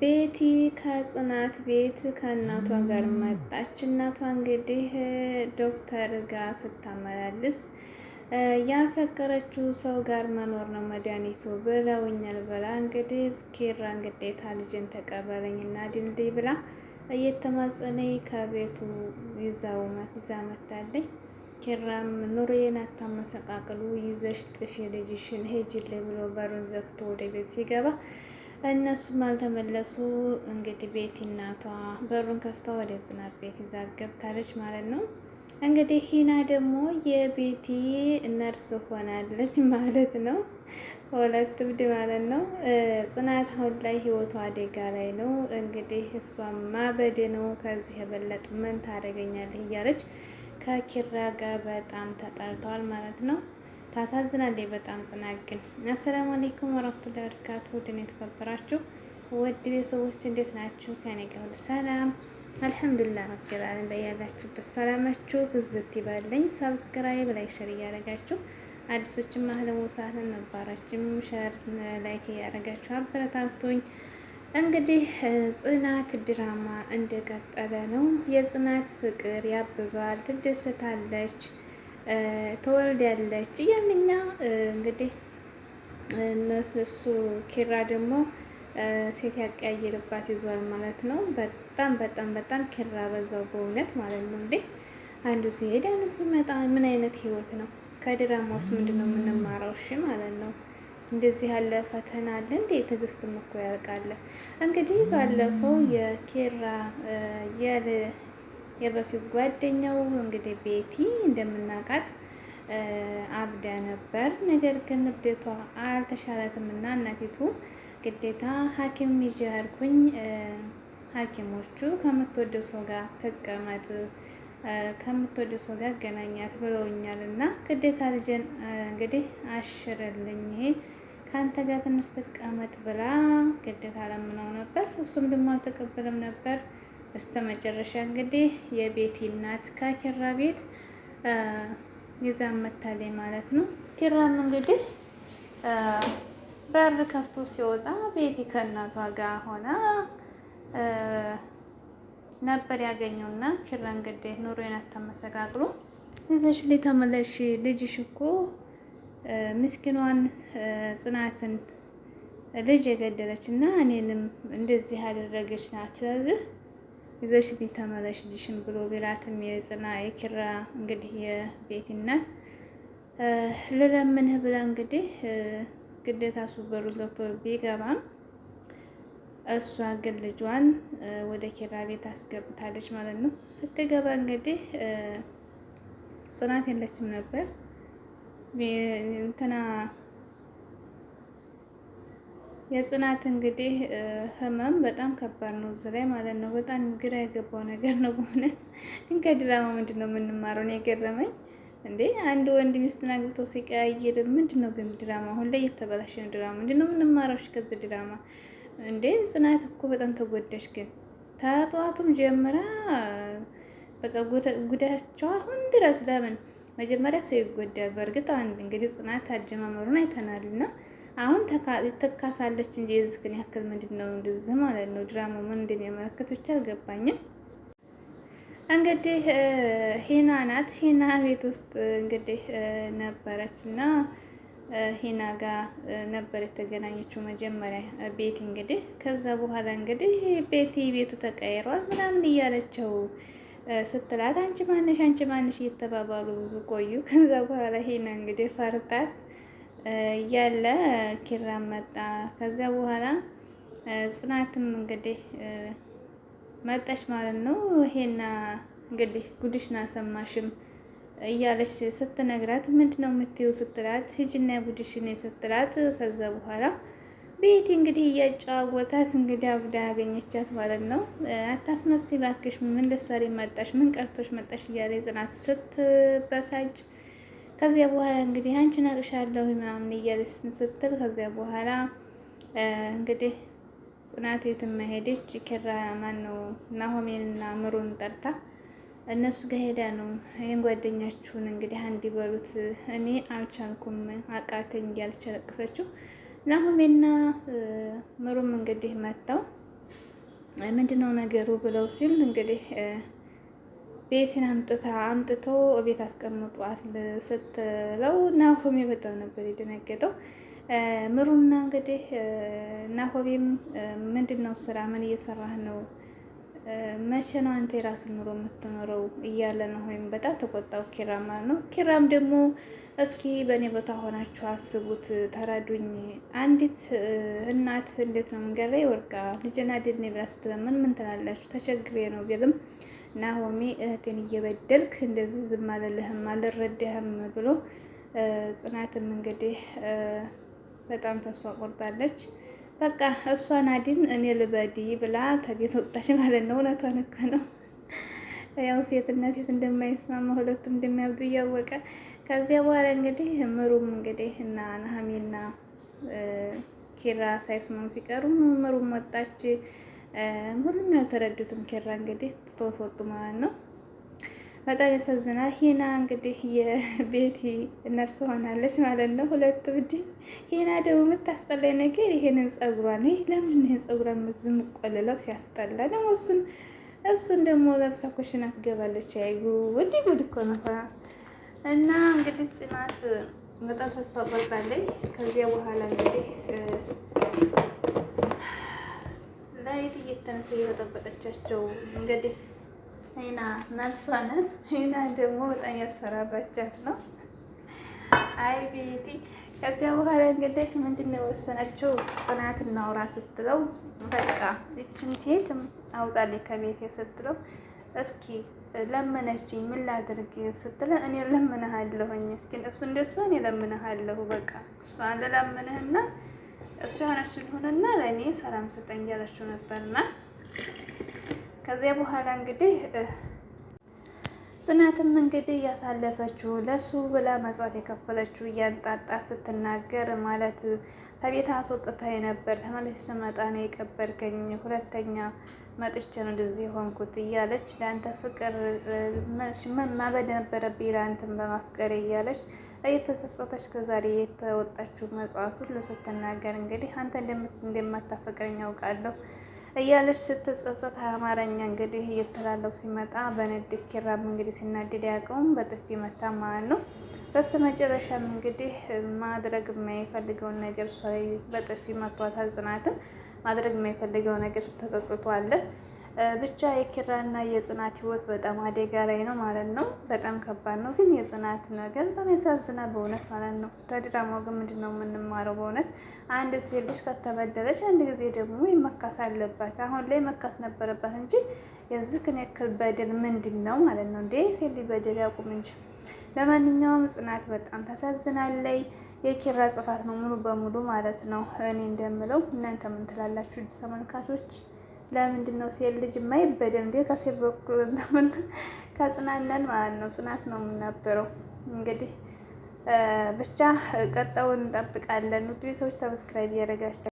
ቤቲ ከጽናት ቤት ከእናቷ ጋር መጣች። እናቷ እንግዲህ ዶክተር ጋር ስታመላልስ ያፈቀረችው ሰው ጋር መኖር ነው መድኃኒቱ ብለውኛል ብላ እንግዲህ ኪራን ግዴታ ልጅን እና ድልድይ ብላ እየተማጸነኝ ከቤቱ ይዛው ይዛ መታለኝ። ኪራም ኑሮዬን አታመሰቃቅሉ ይዘሽ ጥፊ ልጅሽን ሂጂልኝ ብሎ በሩን ዘግቶ ወደ ቤት ሲገባ እነሱም አልተመለሱ። እንግዲህ ቤቲ እናቷ በሩን ከፍታ ወደ ጽናት ቤት ይዛ ገብታለች ማለት ነው። እንግዲህ ሂና ደግሞ የቤቲ ነርስ ሆናለች ማለት ነው። ሁለት እብድ ማለት ነው። ጽናት አሁን ላይ ህይወቷ አደጋ ላይ ነው። እንግዲህ እሷ ማበድ ነው ከዚህ የበለጥ ምን ታደርገኛለህ እያለች ከኪራ ጋር በጣም ተጣልተዋል ማለት ነው። ታሳዝናለች በጣም ጽናት ግን። አሰላሙ አለይኩም ወራህመቱላሂ ወበረካቱ ድን የተከበራችሁ ውድ ቤተሰቦች እንዴት ናችሁ? ከኔ ጋር ሁሉ ሰላም አልሐምዱሊላህ ረቢል ዓለሚን። በያላችሁበት ሰላማችሁ ብዝት ይበለኝ። ሳብስክራይብ ላይ ሸር እያደረጋችሁ አዲሶችም አህለም ወሳህለን ነባሮችም ሸር ላይክ እያደረጋችሁ አበረታቶኝ እንግዲህ ጽናት ድራማ እንደቀጠለ ነው። የጽናት ፍቅር ያብባል፣ ትደሰታለች። ተወልዳለች እያንኛ እንግዲህ እነሱ ኪራ ደግሞ ሴት ያቀያየርባት ይዟል ማለት ነው። በጣም በጣም በጣም ኪራ በዛው በእውነት ማለት ነው እንዴ! አንዱ ሲሄድ አንዱ ሲመጣ ምን አይነት ህይወት ነው? ከድራማ ውስጥ ምንድን ነው የምንማረው? እሺ ማለት ነው። እንደዚህ ያለ ፈተና አለ እንዴ? ትዕግስትም እኮ ያልቃለ። እንግዲህ ባለፈው የኪራ የበፊት ጓደኛው እንግዲህ ቤቲ እንደምናውቃት አብዳ ነበር። ነገር ግን ንዴቷ አልተሻላትም እና እናቲቱ ግዴታ ሐኪም ይጃርኩኝ አልኩኝ። ሐኪሞቹ ከምትወደው ሰው ጋር ተቀመጥ፣ ከምትወደው ሰው ጋር ገናኛት ብለውኛል እና ግዴታ ልጅን እንግዲህ አሽርልኝ ከአንተ ጋር ትንሽ ትቀመጥ ብላ ግዴታ ለምነው ነበር። እሱም ደግሞ አልተቀበለም ነበር። በስተ መጨረሻ እንግዲህ የቤቲ እናት ከኪራ ቤት ይዛን መታለች ማለት ነው። ኪራም እንግዲህ በር ከፍቶ ሲወጣ ቤቲ ከእናቷ ጋር ሆና ነበር ያገኘውና ኪራ እንግዲህ ኑሮዬን አታመሰቃቅሎ ይዘሽ ተመለሽ፣ ልጅሽ እኮ ምስኪኗን ጽናትን ልጅ የገደለች እና እኔንም እንደዚህ ያደረገች ናት። ስለዚህ ይዘሽ ቤት ተመለሽ ልጅሽን ብሎ ቢላትም የጽና የኪራ እንግዲህ የቤቲ እናት ልለምንህ ብላ እንግዲህ ግዴታ እሱ በሩን ዘግቶ ቢገባም እሷ ግን ልጇን ወደ ኪራ ቤት አስገብታለች ማለት ነው። ስትገባ እንግዲህ ጽናት የለችም ነበር እንትና የጽናት እንግዲህ ህመም በጣም ከባድ ነው፣ እዚህ ላይ ማለት ነው። በጣም ግራ የገባው ነገር ነው በእውነት። ከድራማ ምንድን ነው የምንማረው? ነው የገረመኝ እንዴ አንድ ወንድ ሚስቱን አግብቶ ሲቀያየር ምንድን ነው ግን ድራማ? አሁን ላይ እየተበላሸ ነው ድራማ። ምንድን ነው የምንማረው ከዚህ ድራማ? እንዴ ጽናት እኮ በጣም ተጎዳሽ። ግን ተጠዋቱም ጀምራ በቃ ጉዳቸው አሁን ድረስ ለምን መጀመሪያ ሰው ይጎዳል። በእርግጥ አንድ እንግዲህ ጽናት አጀማመሩን አይተናልና አሁን ትካሳለች እንጂ የዚህ ግን ያክል ምንድን ነው እንደዚህ ማለት ነው። ድራማ ምን እንደሚያመለክት ብቻ አልገባኝም። እንግዲህ ሂና ናት። ሂና ቤት ውስጥ እንግዲህ ነበረች እና ሂና ጋር ነበር የተገናኘችው መጀመሪያ ቤቲ እንግዲህ። ከዛ በኋላ እንግዲህ ቤቲ ቤቱ ተቀይሯል ምናምን እያለችው ስትላት አንቺ ማነሽ አንቺ ማነሽ እየተባባሉ ብዙ ቆዩ። ከዛ በኋላ ሂና እንግዲህ ፈርታት እያለ ኪራ መጣ። ከዚያ በኋላ ጽናትም እንግዲህ መጣች ማለት ነው። ይሄና እንግዲህ ጉድሽን አሰማሽም እያለች ስትነግራት ምንድን ነው የምትይው ስትላት ህጅና ጉድሽን ስትላት ከዛ በኋላ ቤቲ እንግዲህ እያጫወታት እንግዲህ አብዳ ያገኘቻት ማለት ነው። አታስመስይ እባክሽ፣ ምን ልትሰሪ መጣሽ? ምን ቀርቶሽ መጣሽ? እያለ ጽናት ስትበሳጭ ከዚያ በኋላ እንግዲህ አንቺ አቅሻለሁ ምናምን እያለች ስትል ከዚያ በኋላ እንግዲህ ጽናት የትም ኪራ ማን ነው ናሆሜንና ምሩን ጠርታ እነሱ ጋር ሄዳ ነው ይህን ጓደኛችሁን እንግዲህ አንድ በሉት እኔ አልቻልኩም አቃተኝ እያለች ያለቀሰችው። ናሆሜና ምሩም እንግዲህ መጥተው ምንድነው ነገሩ ብለው ሲል እንግዲህ ቤትን አምጥታ አምጥቶ ቤት አስቀምጧል ስትለው ናሆሜ በጣም ነበር የደነገጠው። ምሩና እንግዲህ ናሆሜም ምንድን ነው ስራ ምን እየሰራህ ነው? መቼ ነው አንተ የራስ ኑሮ የምትኖረው? እያለ ወይም በጣም ተቆጣው። ኪራም ማለት ነው። ኪራም ደግሞ እስኪ በእኔ ቦታ ሆናችሁ አስቡት፣ ተረዱኝ። አንዲት እናት እንዴት ነው መንገድ ላይ ወርቃ ልጅና ድድኔ ብላ ስትለምን ምን ትላላችሁ? ተቸግሬ ነው ቢልም ናሆሚ እህቴን እየበደልክ እንደዚህ ዝም አልልህም አልረዳህም ብሎ ጽናትም እንግዲህ በጣም ተስፋ ቆርጣለች። በቃ እሷን አድን እኔ ልበዲ ብላ ተቤት ወጣች ማለት ነው። እውነቷን እኮ ነው። ያው ሴትና ሴት እንደማይስማማ ሁለቱም እንደሚያብዱ እያወቀ ከዚያ በኋላ እንግዲህ ምሩም እንግዲህ እና ናሀሚና ኪራ ሳይስማሙ ሲቀሩ ምሩም ወጣች። ሁሉም ያልተረዱትም ኪራ እንግዲህ ትቶት ወጡ ማለት ነው። በጣም ያሳዝናል። ሂና እንግዲህ የቤቲ ነርስ ሆናለች ማለት ነው። ሁለቱ ብድ ሂና ደግሞ የምታስጠላኝ ነገር ይሄንን ጸጉሯ ነው። ይህ ለምንድን ይህን ጸጉሯ የምትቆልለው ሲያስጠላ ደግሞ እሱን እሱን ደግሞ ለብሳ ኮሽና ትገባለች። አይጉ ውድ ጉድ እኮ ነው። እና እንግዲህ ጽናት በጣም ተስፋ ቆርጣለች። ከዚያ በኋላ እንግዲህ ከየት እየተነሳ እየተጠበቀቻቸው እንግዲህ አይና ናልሷ ናት። አይና ደግሞ በጣም ያሰራራቻት ነው። አይ ቤቲ ከዚያ በኋላ እንግዲህ ምንድን ነው የወሰነችው? ጽናት እናውራ ስትለው በቃ እችን ሴት አውጣልኝ ከቤቴ ስትለው እስኪ ለመነችኝ ምን ላድርግ ስትለ እኔ ለምንሃለሁኝ እስኪ እሱ እንደሱ እኔ ለምንሃለሁ በቃ እሷን ልለምንህና እሱ የሆነች ልሆንና ለእኔ ሰላም ስጠኝ እያለችው ነበርና ከዚያ በኋላ እንግዲህ ጽናትም እንግዲህ እያሳለፈችው ለሱ ብላ መጽዋት የከፈለችው እያንጣጣ ስትናገር ማለት ከቤት አስወጥታ የነበር ተመለሽ ስመጣ ነው የቀበርከኝ፣ ሁለተኛ መጥቼ ነው እንደዚህ የሆንኩት እያለች ለአንተ ፍቅር መበድ ነበረብኝ ለአንተም በማፍቀሬ እያለች እየተሰሰተች ከዛሬ የተወጣችው መጽዋት ሁሉ ስትናገር እንግዲህ አንተ እንደማታፈቅረኝ አውቃለሁ እያለች ስትጸጸት አማርኛ እንግዲህ እየተላለፉ ሲመጣ በንዴት ኪራም እንግዲህ ሲናደድ ያውቀውም በጥፊ መታ ማለት ነው። በስተ መጨረሻም እንግዲህ ማድረግ የማይፈልገውን ነገር እሷ በጥፊ መቷታል። ጽናትን ማድረግ የማይፈልገው ነገር ተጸጽቶ አለ። ብቻ የኪራና የጽናት ህይወት በጣም አደጋ ላይ ነው ማለት ነው። በጣም ከባድ ነው። ግን የጽናት ነገር በጣም ያሳዝናል በእውነት ማለት ነው። ተድራማ ግን ምንድን ነው የምንማረው በእውነት አንድ ሴት ልጅ ከተበደለች አንድ ጊዜ ደግሞ መካስ አለባት። አሁን ላይ መካስ ነበረባት እንጂ የዝክን ያክል በደል ምንድን ነው ማለት ነው እንዴ? ሴት ልጅ በደል ያቁም እንጂ ለማንኛውም ጽናት በጣም ታሳዝናለይ። የኪራ ጽፋት ነው ሙሉ በሙሉ ማለት ነው። እኔ እንደምለው እናንተ ምን ትላላችሁ ተመልካቾች? ለምንድን ነው ሴት ልጅ ማይ በደም ከሴት በኩል እንደምን ከጽናነን ማለት ነው። ጽናት ነው የምናበረው እንግዲህ ብቻ ቀጣውን እንጠብቃለን። ውድ ቤተሰቦች ሰብስክራይብ እያደረጋችሁ